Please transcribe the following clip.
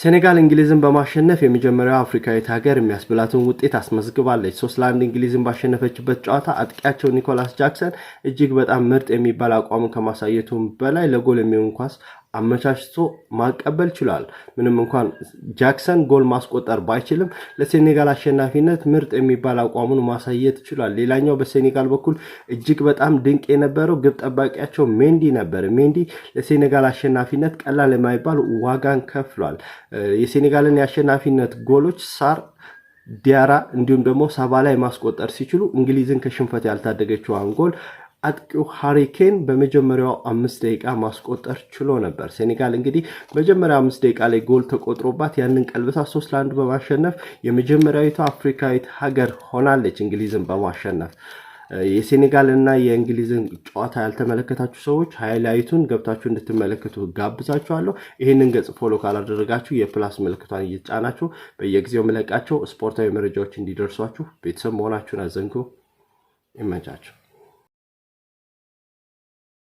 ሴኔጋል እንግሊዝን በማሸነፍ የመጀመሪያው አፍሪካዊት ሀገር የሚያስብላትን ውጤት አስመዝግባለች። ሶስት ለአንድ እንግሊዝን ባሸነፈችበት ጨዋታ አጥቂያቸው ኒኮላስ ጃክሰን እጅግ በጣም ምርጥ የሚባል አቋምን ከማሳየቱም በላይ ለጎል የሚሆን ኳስ አመቻችቶ ማቀበል ችሏል። ምንም እንኳን ጃክሰን ጎል ማስቆጠር ባይችልም ለሴኔጋል አሸናፊነት ምርጥ የሚባል አቋሙን ማሳየት ችሏል። ሌላኛው በሴኔጋል በኩል እጅግ በጣም ድንቅ የነበረው ግብ ጠባቂያቸው ሜንዲ ነበር። ሜንዲ ለሴኔጋል አሸናፊነት ቀላል የማይባል ዋጋን ከፍሏል። የሴኔጋልን የአሸናፊነት ጎሎች ሳር ዲያራ እንዲሁም ደግሞ ሰባ ላይ ማስቆጠር ሲችሉ እንግሊዝን ከሽንፈት ያልታደገችው አንጎል አጥቂው ሃሪኬን በመጀመሪያው አምስት ደቂቃ ማስቆጠር ችሎ ነበር። ሴኔጋል እንግዲህ መጀመሪያ አምስት ደቂቃ ላይ ጎል ተቆጥሮባት ያንን ቀልብሳ ሶስት ለአንድ በማሸነፍ የመጀመሪያዊቱ አፍሪካዊት ሀገር ሆናለች እንግሊዝን በማሸነፍ የሴኔጋል እና የእንግሊዝን ጨዋታ ያልተመለከታችሁ ሰዎች ሀይላይቱን ገብታችሁ እንድትመለከቱ ጋብዛችኋለሁ። ይህንን ገጽ ፎሎ ካላደረጋችሁ የፕላስ ምልክቷን እየጫናችሁ በየጊዜው መለቃቸው ስፖርታዊ መረጃዎች እንዲደርሷችሁ ቤተሰብ መሆናችሁን አዘንጉ። ይመቻችሁ።